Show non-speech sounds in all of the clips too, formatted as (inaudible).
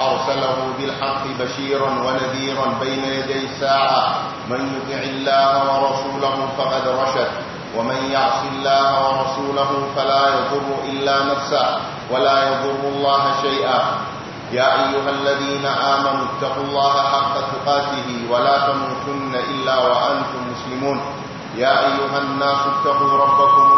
أرسله بالحق بشيرا ونذيرا بين يدي الساعة من يطع الله ورسوله فقد رشد ومن يعص الله ورسوله فلا يضر إلا نفسه ولا يضر الله شيئا يا أيها الذين آمنوا اتقوا الله حق تقاته ولا تموتن إلا وأنتم مسلمون يا أيها الناس اتقوا ربكم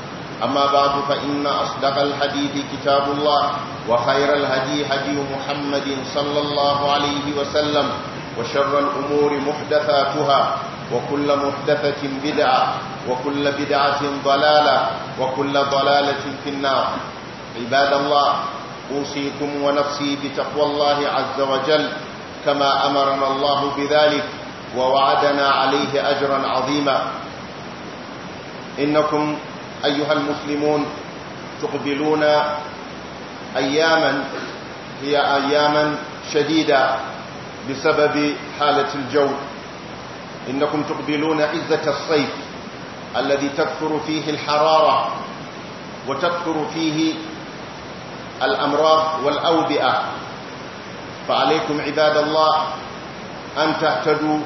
أما بعد فإن أصدق الحديث كتاب الله وخير الهدي هدي محمد صلى الله عليه وسلم وشر الأمور محدثاتها وكل محدثة بدعة وكل بدعة ضلالة وكل ضلالة في النار عباد الله أوصيكم ونفسي بتقوى الله عز وجل كما أمرنا الله بذلك ووعدنا عليه أجرا عظيما إنكم أيها المسلمون تقبلون أياما هي أياما شديدة بسبب حالة الجو إنكم تقبلون عزة الصيف الذي تكثر فيه الحرارة وتكثر فيه الأمراض والأوبئة فعليكم عباد الله أن تهتدوا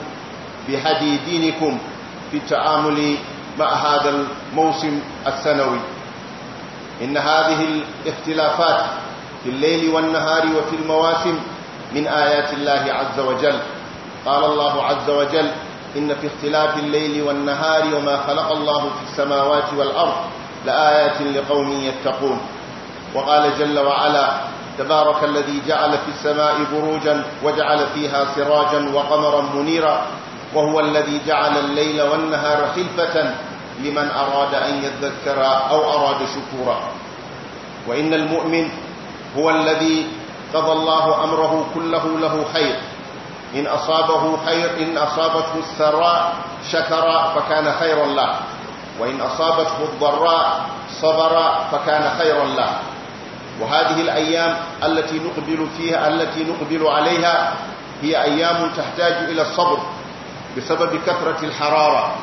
بهدي دينكم في التعامل مع هذا الموسم السنوي إن هذه الاختلافات في الليل والنهار وفي المواسم من آيات الله عز وجل قال الله عز وجل إن في اختلاف الليل والنهار وما خلق الله في السماوات والأرض لآيات لقوم يتقون وقال جل وعلا تبارك الذي جعل في السماء بروجا وجعل فيها سراجا وقمرا منيرا وهو الذي جعل الليل والنهار خلفة لمن أراد أن يذكر أو أراد شكورا وإن المؤمن هو الذي قضى الله أمره كله له خير إن أصابه خير إن أصابته السراء شكر فكان خيرا له وإن أصابته الضراء صبر فكان خيرا له وهذه الأيام التي نقبل فيها التي نقبل عليها هي أيام تحتاج إلى الصبر بسبب كثرة الحرارة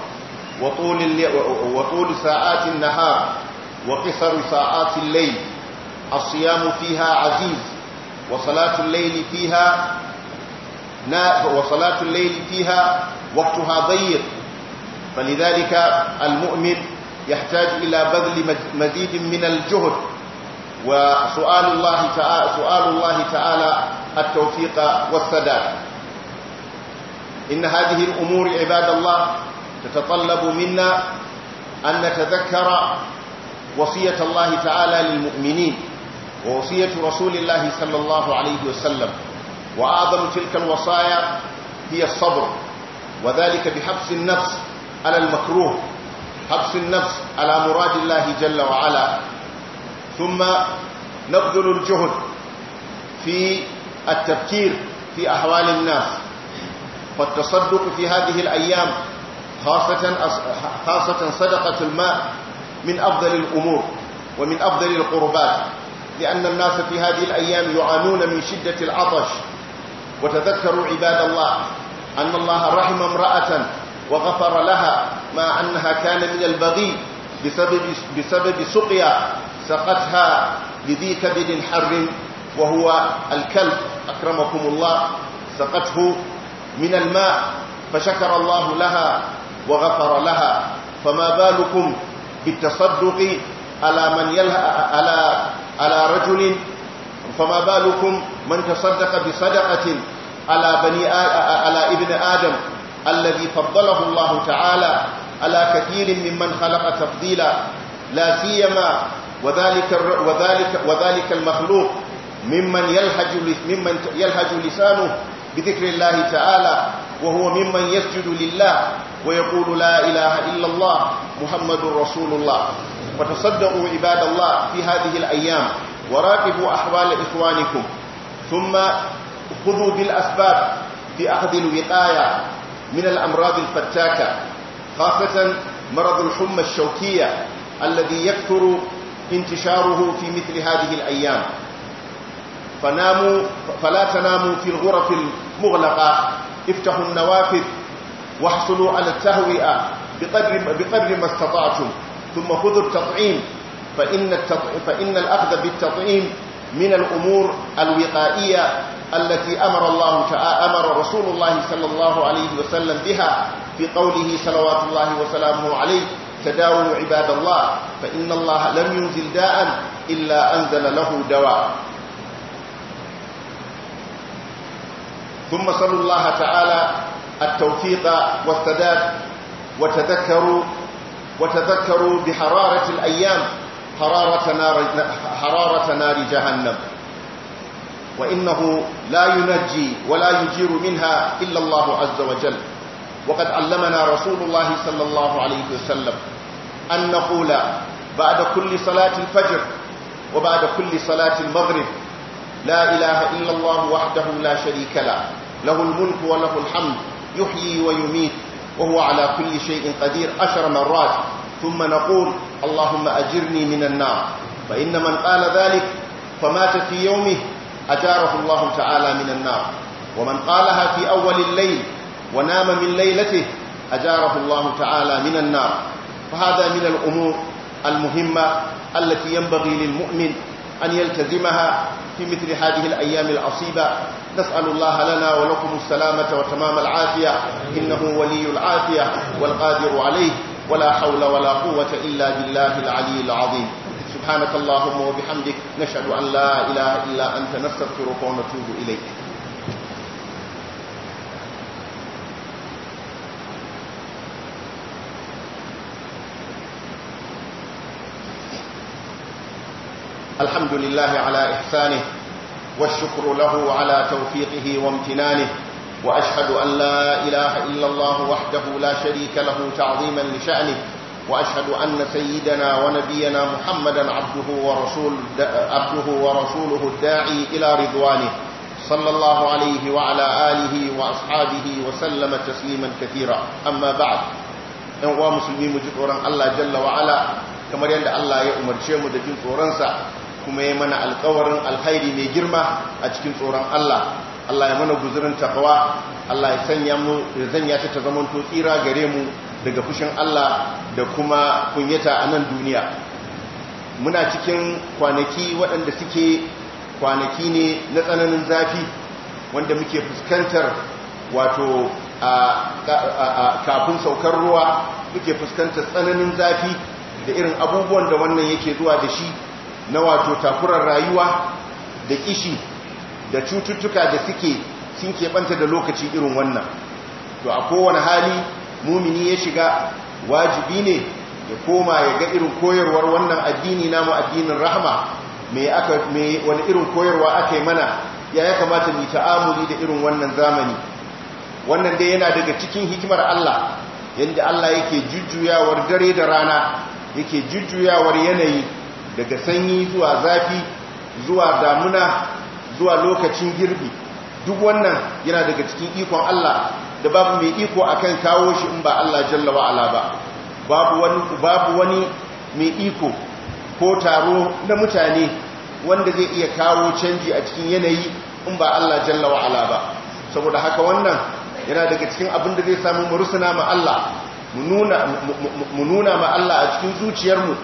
وطول, وطول ساعات النهار وقصر ساعات الليل الصيام فيها عزيز وصلاة الليل فيها وصلاة الليل فيها وقتها ضيق فلذلك المؤمن يحتاج إلى بذل مزيد من الجهد وسؤال الله تعالى, سؤال الله تعالى التوفيق والسداد إن هذه الأمور عباد الله تتطلب منا أن نتذكر وصية الله تعالى للمؤمنين ووصية رسول الله صلى الله عليه وسلم وأعظم تلك الوصايا هي الصبر وذلك بحبس النفس على المكروه حبس النفس على مراد الله جل وعلا ثم نبذل الجهد في التفكير في أحوال الناس فالتصدق في هذه الأيام خاصة, خاصة صدقة الماء من أفضل الأمور ومن أفضل القربات لأن الناس في هذه الأيام يعانون من شدة العطش وتذكروا عباد الله أن الله رحم امرأة وغفر لها ما أنها كان من البغي بسبب, بسبب سقيا سقتها لذي كبد حر وهو الكلب أكرمكم الله سقته من الماء فشكر الله لها وغفر لها فما بالكم بالتصدق على من يلها على على رجل فما بالكم من تصدق بصدقة على بني على ابن آدم الذي فضله الله تعالى على كثير ممن خلق تفضيلا لا سيما وذلك وذلك وذلك المخلوق ممن يلهج ممن يلهج لسانه بذكر الله تعالى وهو ممن يسجد لله ويقول لا إله إلا الله محمد رسول الله فتصدقوا عباد الله في هذه الأيام وراقبوا أحوال إخوانكم ثم خذوا بالأسباب في أخذ الوقاية من الأمراض الفتاكة خاصة مرض الحمى الشوكية الذي يكثر انتشاره في مثل هذه الأيام فناموا فلا تناموا في الغرف المغلقة افتحوا النوافذ واحصلوا على التهوئة بقدر, بقدر ما استطعتم ثم خذوا التطعيم فإن, فإن الأخذ بالتطعيم من الأمور الوقائية التي أمر الله تعالى أمر رسول الله صلى الله عليه وسلم بها في قوله صلوات الله وسلامه عليه تداووا عباد الله فإن الله لم ينزل داء إلا أنزل له دواء ثم صلوا الله تعالى التوفيق والسداد وتذكروا وتذكروا بحرارة الأيام حرارة نار, حرارة نار جهنم وإنه لا ينجي ولا يجير منها إلا الله عز وجل وقد علمنا رسول الله صلى الله عليه وسلم أن نقول بعد كل صلاة الفجر وبعد كل صلاة المغرب لا إله إلا الله وحده لا شريك له له الملك وله الحمد يحيي ويميت وهو على كل شيء قدير عشر مرات ثم نقول اللهم أجرني من النار فإن من قال ذلك فمات في يومه أجاره الله تعالى من النار ومن قالها في أول الليل ونام من ليلته أجاره الله تعالى من النار فهذا من الأمور المهمة التي ينبغي للمؤمن أن يلتزمها في مثل هذه الأيام العصيبة نسأل الله لنا ولكم السلامة وتمام العافية إنه ولي العافية والقادر عليه ولا حول ولا قوة إلا بالله العلي العظيم سبحانك اللهم وبحمدك نشهد أن لا إله إلا أنت نستغفرك ونتوب إليك الحمد لله على إحسانه والشكر له على توفيقه وامتنانه وأشهد أن لا إله إلا الله وحده لا شريك له تعظيما لشأنه وأشهد أن سيدنا ونبينا محمدا عبده ورسول عبده ورسوله الداعي إلى رضوانه صلى الله عليه وعلى آله وأصحابه وسلم تسليما كثيرا أما بعد أنواع مسلمين مجد أوران الله جل وعلا كما يند الله يأمر شيء مدجين أورانسا kuma ya mana alkawarin alkhairi mai girma a cikin tsoron Allah Allah ya mana guzurin takawa Allah ya sanya mu zanya ta zama to tsira gare mu daga fushin Allah da kuma kunyata a nan duniya muna cikin kwanaki waɗanda suke kwanaki ne na tsananin zafi wanda muke fuskantar wato kafin saukar ruwa muke fuskantar tsananin zafi da irin abubuwan da wannan yake zuwa da shi na wato takurar rayuwa da kishi da cututtuka da suke sun keɓanta da lokaci irin wannan to a kowane hali mumini ya shiga wajibi ne ya koma ya ga irin koyarwar wannan addini namu addinin rahama me wani irin koyarwa aka yi mana ya ya kamata mu ta'amuli da irin wannan zamani wannan dai yana daga cikin hikimar Allah yadda Allah yake jujjuyawar dare da rana yake jujjuyawar yanayi daga sanyi zuwa zafi zuwa damuna zuwa lokacin girbi duk wannan yana daga cikin ikon Allah da babu mai iko akan kawo shi in ba Allah jalla wa ala ba babu wani babu wani mai iko ko taro na mutane wanda zai iya kawo canji a cikin yanayi in ba Allah jalla wa ala ba saboda haka wannan yana daga cikin abin da zai samu mu rusuna ma Allah mu nuna ma Allah a cikin zuciyarmu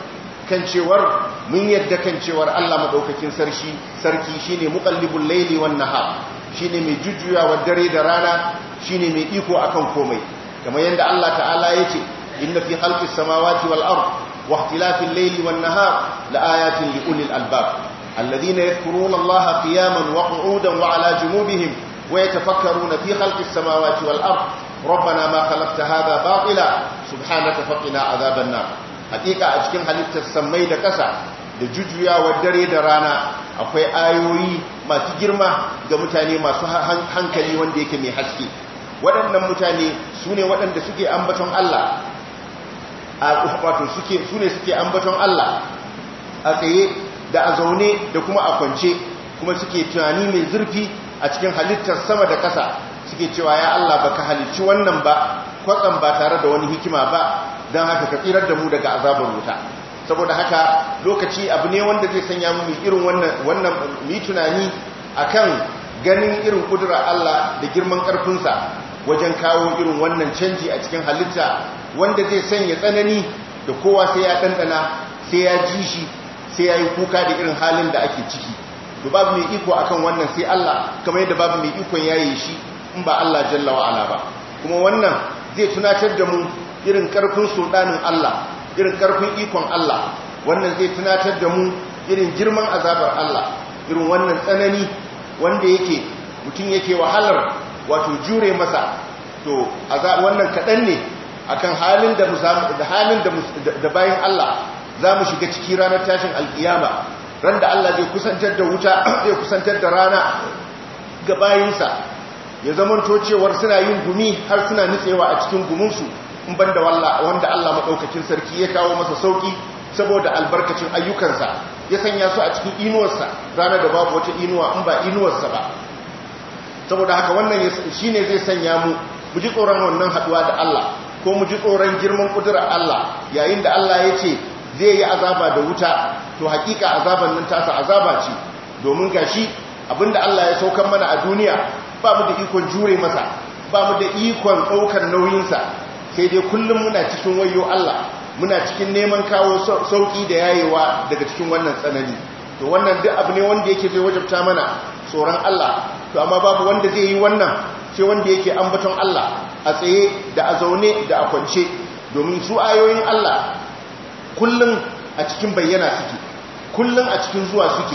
Kancewar mun yadda kan cewar Allah madaukakin sarki sarki shine muqallibul layli wan nahar shine mai jujjuyawa dare da rana shine mai iko akan komai kamar yadda Allah ta'ala yace inna fi khalqis samawati wal ard wa ikhtilafil layli wan nahar laayatin liulil albab alladhina yadhkuruna Allaha qiyaman wa qu'udan wa 'ala junubihim wa yatafakkaruna fi khalqis samawati wal ard ربنا ما خلقت هذا باطلا سبحانك فقنا عذاب النار hakika a cikin halittar samai da ƙasa da wa dare da rana akwai ayoyi masu girma ga mutane masu hankali wanda yake mai haske waɗannan mutane su ne waɗanda suke ambaton Allah wato su ne suke ambaton Allah a tsaye da a zaune da kuma a kwance kuma suke tunani mai zurfi a cikin halittar sama da ƙasa suke cewa ya Allah baka halicci wannan ba kwatsam ba tare da wani hikima ba don haka ka tsirar da mu daga azabar wuta saboda haka lokaci abu ne wanda zai sanya mu irin wannan wannan mu tunani akan ganin irin kudura Allah da girman karfinsa wajen kawo irin wannan canji a cikin halitta wanda zai sanya tsanani da kowa sai ya dandana sai ya ji shi sai ya yi kuka da irin halin da ake ciki Da babu mai iko akan wannan sai Allah kamar yadda babu mai ikon yaye shi in ba Allah jalla wa ala ba kuma wannan zai tunatar da mu irin karfin sultanin Allah irin karfin ikon Allah wannan zai tunatar da mu irin girman azabar Allah irin wannan tsanani wanda yake mutum yake wahalar wato jure masa to wannan kaɗan ne akan halin da halin da bayan Allah za mu shiga ciki ranar tashin alkiyama ran da Allah zai kusantar da wuta (clears throat) zai kusantar da rana ga bayinsa ya zamanto cewar suna yin gumi har suna nitsewa a cikin guminsu in banda wanda Allah maɗaukakin sarki ya kawo masa sauki saboda albarkacin ayyukansa ya sanya su a cikin inuwarsa ranar da babu wata inuwa in ba inuwarsa ba saboda haka wannan shi ne zai sanya mu mu ji tsoron wannan haɗuwa da Allah ko mu ji tsoron girman ƙudurar Allah yayin da Allah ya ce zai yi azaba da wuta to hakika azaban nan tasa azaba ce domin gashi abinda Allah ya saukan mana a duniya ba mu da ikon jure masa ba mu da ikon ɗaukar nauyinsa kai dai kullum muna cikin wayo Allah muna cikin neman kawo sauki da yayewa daga cikin wannan tsanani to wannan duk abu ne wanda yake zai wajabta mana tsoron Allah to amma babu wanda zai yi wannan sai wanda yake ambaton Allah a tsaye da a zaune da a kwance domin su ayoyin Allah kullum a cikin bayyana suke kullum a cikin zuwa suke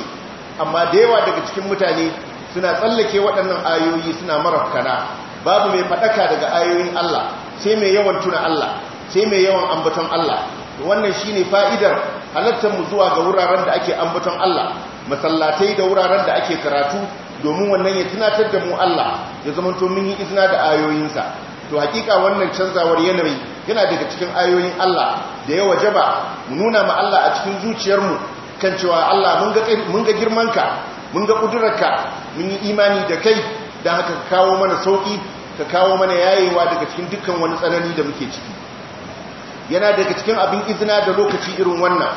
amma da yawa daga cikin mutane suna tsallake waɗannan ayoyi suna marafkana babu mai faɗaka daga ayoyin Allah sai mai yawan tuna Allah sai mai yawan ambaton Allah wannan shine fa'idar halattar mu zuwa ga wuraren da ake ambaton Allah masallatai da wuraren da ake karatu domin wannan ya tunatar da mu Allah ya zamanto mun yi izina da ayoyinsa to hakika wannan canzawar yanayi yana daga cikin ayoyin Allah da ya wajaba mu nuna ma Allah a cikin zuciyarmu kan cewa Allah mun ga mun ga girmanka mun ga kudurarka mun yi imani da kai dan haka kawo mana sauki ka kawo mana yayewa daga cikin dukkan wani tsanani da muke ciki yana daga cikin abin izina da lokaci irin wannan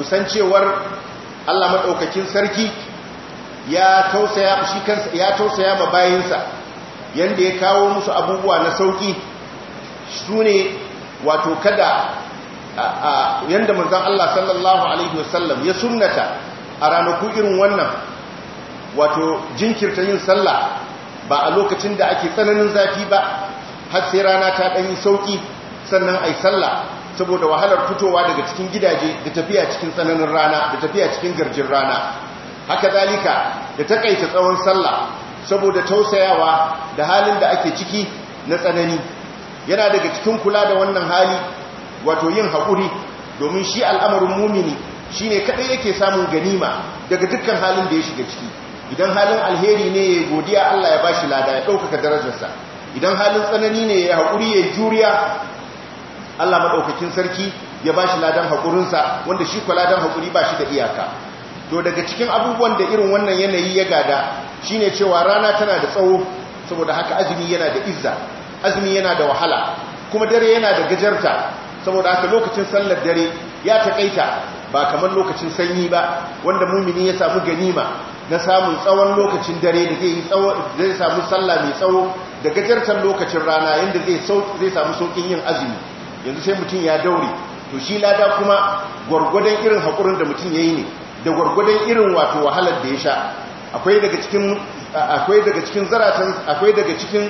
musancewar Allah maɗaukakin sarki ya tausaya shi kansa tausaya ma bayinsa yadda ya kawo musu abubuwa na sauƙi. Su ne wato kada yadda manzan Allah sallallahu alaihi wasallam ya sunnata a ranaku irin wannan wato jinkirta yin sallah ba a lokacin da ake tsananin zafi ba har sai rana ta ɗanyi sauƙi sannan ai sallah saboda wahalar fitowa daga cikin gidaje da tafiya cikin tsananin rana da tafiya cikin garjin rana haka zalika da taƙaita tsawon sallah saboda tausayawa da halin da ake ciki na tsanani yana daga cikin kula da wannan hali wato yin haƙuri domin shi al'amarin mumini shi ne kaɗai yake samun ganima daga dukkan halin da ya shiga ciki idan halin alheri ne ya godiya Allah ya bashi lada ya ɗaukaka darajarsa idan halin tsanani ne ya haƙuri ya juriya Allah maɗaukakin sarki ya bashi ladan haƙurinsa wanda shi kwa ladan haƙuri ba shi da iyaka to daga cikin abubuwan da irin wannan yanayi ya gada shi ne cewa rana tana da tsawo saboda haka azumi yana da izza azumi yana da wahala kuma dare yana da gajarta saboda haka lokacin sallar dare ya taƙaita ba kamar lokacin sanyi ba wanda mumini ya samu ganima na samun tsawon lokacin dare da zai samu sallah mai tsawo da gajartar lokacin rana yadda zai samu saukin yin azumi yanzu sai mutum ya daure to shi lada kuma gwargwadon irin haƙurin da mutum ya yi ne da gwargwadon irin wato wahalar da ya sha akwai daga cikin zaratan akwai daga cikin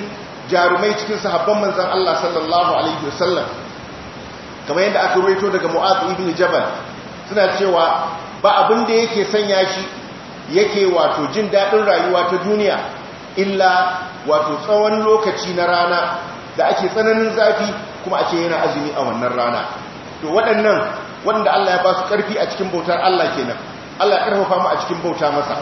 jarumai cikin sahabban manzan Allah sallallahu alaihi wasallam kamar yadda aka rawaito daga Mu'adh ibn Jabal suna cewa ba abin da yake sanya shi yake wato jin daɗin rayuwa ta duniya illa wato tsawon lokaci na rana da ake tsananin zafi kuma ake yana azumi a wannan rana to waɗannan wanda Allah ya ba su ƙarfi a cikin bautar Allah kenan Allah ya ƙarfafa mu a cikin bauta masa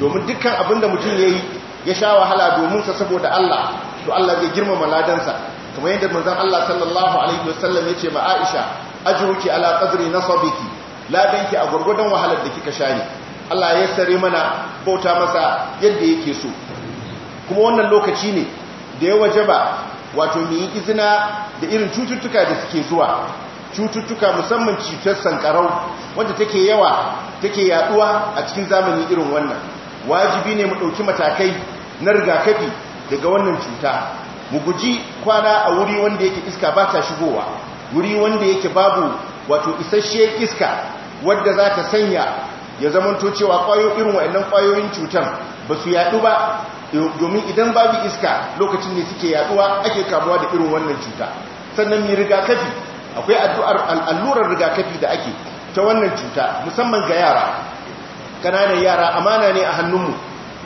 domin dukkan abin da mutum ya yi ya sha wahala domin sa saboda Allah to Allah zai girmama ladansa kamar yadda manzon Allah sallallahu alaihi wasallam ya ce ma Aisha ajruki ala qadri nasabiki ladanki a gurgudan wahalar da kika sha ne Allah ya sare mana bauta masa yadda yake so kuma wannan lokaci ne da ya waje wato mu yi izina da irin cututtuka da suke zuwa cututtuka musamman cutar sankarau wanda take yawa take yaduwa a cikin zamani irin wannan wajibi ne mu dauki matakai na rigakafi daga wannan cuta mu guji kwana a wuri wanda yake iska ba ta shigowa wuri wanda yake babu wato isasshe iska wadda za ta sanya ya zamanto cewa kwayo irin wa'annan kwayoyin cutan ba su yadu ba domin idan babu iska lokacin ne suke yaduwa ake kamuwa da irin wannan cuta sannan mai rigakafi akwai addu'ar allurar rigakafi da ake ta wannan cuta musamman ga yara kananan yara amana ne a hannunmu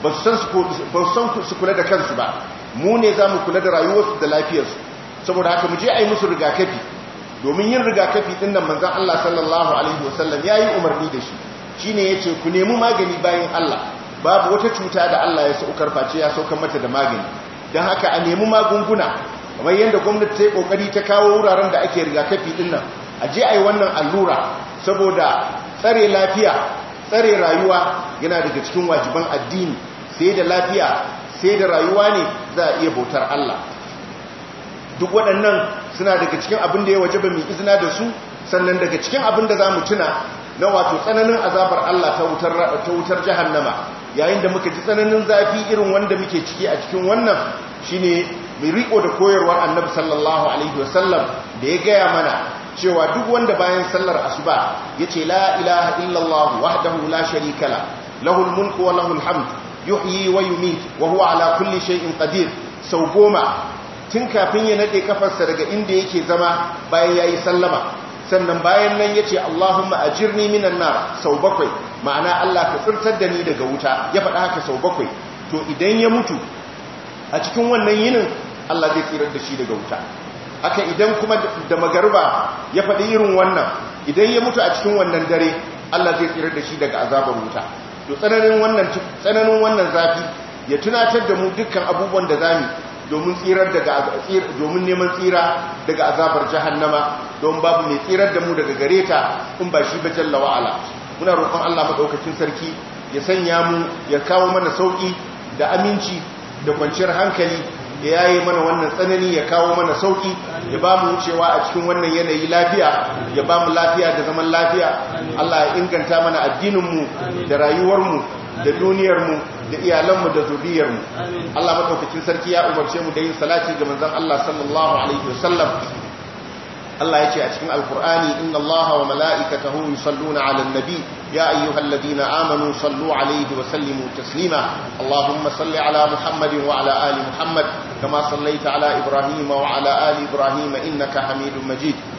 ba su san su kula da kansu ba mu ne za mu kula da rayuwarsu da lafiyarsu saboda haka mu je a yi musu rigakafi domin yin rigakafi ɗin nan manzan Allah sallallahu Alaihi wasallam ya yi umarni da shi Shi ne ya ce ku nemi magani bayan Allah babu wata cuta da Allah ya saukar face ya saukar mata da magani dan haka a nemi magunguna kamar yadda gwamnati ta yi kokari ta kawo wuraren da ake rigakafi din nan a je ai wannan allura saboda tsare lafiya tsare rayuwa yana daga cikin wajiban addini sai da lafiya sai da rayuwa ne za a iya bautar Allah duk waɗannan suna daga cikin abin da ya waje ba mai izina da su sannan daga cikin abin da za mu tuna na wato tsananin azabar Allah ta wutar ta wutar jahannama yayin da muka ji tsananin zafi irin wanda muke ciki a cikin wannan shine mai riko da koyarwar Annabi sallallahu alaihi wasallam da ya gaya mana cewa duk wanda bayan sallar asuba yace la ilaha illallah wahdahu la sharika la lahul mulku wa lahul hamd yuhyi wa yumit wa huwa ala kulli shay'in qadir sau goma tun kafin ya nade kafarsa daga inda yake zama bayan yayi sallama sannan bayan nan ya yace Allahumma jirni minan na sau bakwai ma'ana Allah ka tsirtar da ni daga wuta ya faɗa haka sau bakwai to idan ya mutu a cikin wannan yinin Allah zai tsirar da shi daga wuta haka idan kuma da magarba ya faɗi irin wannan idan ya mutu a cikin wannan dare Allah zai tsirar da shi daga azabar wuta to tsananin wannan tsananin wannan zafi ya tunatar da mu dukkan abubuwan da zamu domin tsirar daga domin neman tsira daga azabar jahannama don babu mai tsirar da mu daga gare ta in ba shi ba jalla wa ala muna roƙon Allah madaukakin sarki ya sanya mu ya kawo mana sauki da aminci da kwanciyar hankali ya yaye mana wannan tsanani ya kawo mana sauki ya ba mu wucewa a cikin wannan yanayi lafiya ya ba mu lafiya da zaman lafiya Allah ya inganta mana addinin mu da rayuwar mu. da duniyarmu da iyalanmu da zuriyarmu Allah madaukakin sarki ya umarce mu da yin salati ga manzon Allah sallallahu alaihi wasallam Allah ya ce a cikin alkur'ani inna Allah wa mala'ikatahu yusalluna 'alan nabi ya ayyuhalladhina amanu sallu 'alayhi wa sallimu taslima Allahumma salli 'ala Muhammadin wa 'ala ali Muhammad kama sallaita 'ala Ibrahim wa 'ala ali Ibrahim innaka Hamidum Majid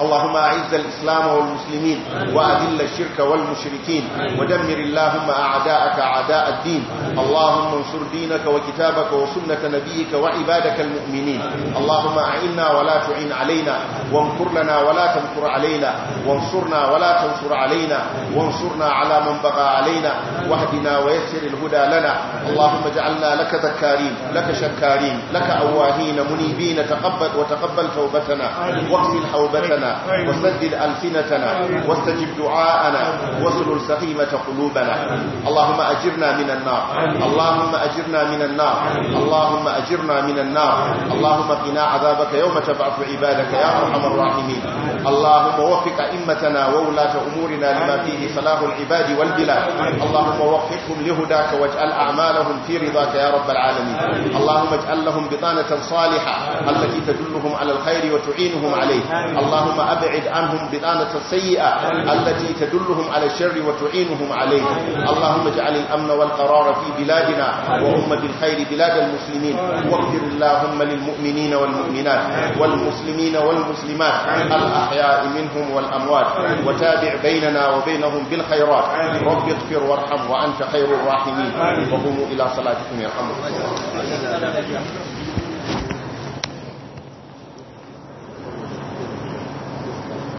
اللهم أعز الإسلام والمسلمين وأذل الشرك والمشركين ودمر اللهم أعداءك أعداء الدين اللهم انصر دينك وكتابك وسنة نبيك وعبادك المؤمنين اللهم أعنا ولا تعين علينا وانكر لنا ولا تنكر علينا وانصرنا ولا تنصر علينا وانصرنا على من بغى علينا واهدنا ويسر الهدى لنا اللهم اجعلنا لك ذكارين لك شكارين لك أواهين منيبين تقبل وتقبل توبتنا واغسل حوبتنا ألسنتنا وسدد ألسنتنا واستجب دعاءنا وسلل سخيمة قلوبنا اللهم أجرنا من النار اللهم أجرنا من النار اللهم أجرنا من النار اللهم قنا عذابك يوم تبعث عبادك يا أرحم الراحمين اللهم وفق أئمتنا وولاة أمورنا لما فيه صلاح العباد والبلاد اللهم وفقهم لهداك واجعل أعمالهم في رضاك يا رب العالمين اللهم اجعل لهم بطانة صالحة التي تدلهم على الخير وتعينهم عليه اللهم أبعد عنهم بطانة سيئة التي تدلهم على الشر وتعينهم عليه اللهم اجعل الأمن والقرار في بلادنا وأمة الخير بلاد المسلمين واغفر اللهم للمؤمنين والمؤمنات والمسلمين والمسلمات الأحياء منهم والأموات وتابع بيننا وبينهم بالخيرات رب اغفر وارحم وأنت خير الراحمين وقوموا إلى صلاتكم يرحمكم الله